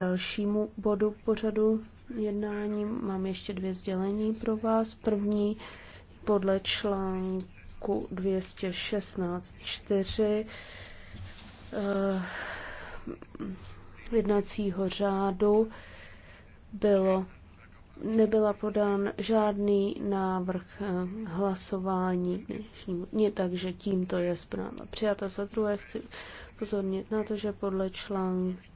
dalšímu bodu pořadu jednání. Mám ještě dvě sdělení pro vás. První podle článku 216.4 eh, jednacího řádu bylo, nebyla podán žádný návrh eh, hlasování dnešnímu dně, takže tímto je zpráva přijata. Za druhé chci pozornit na to, že podle článku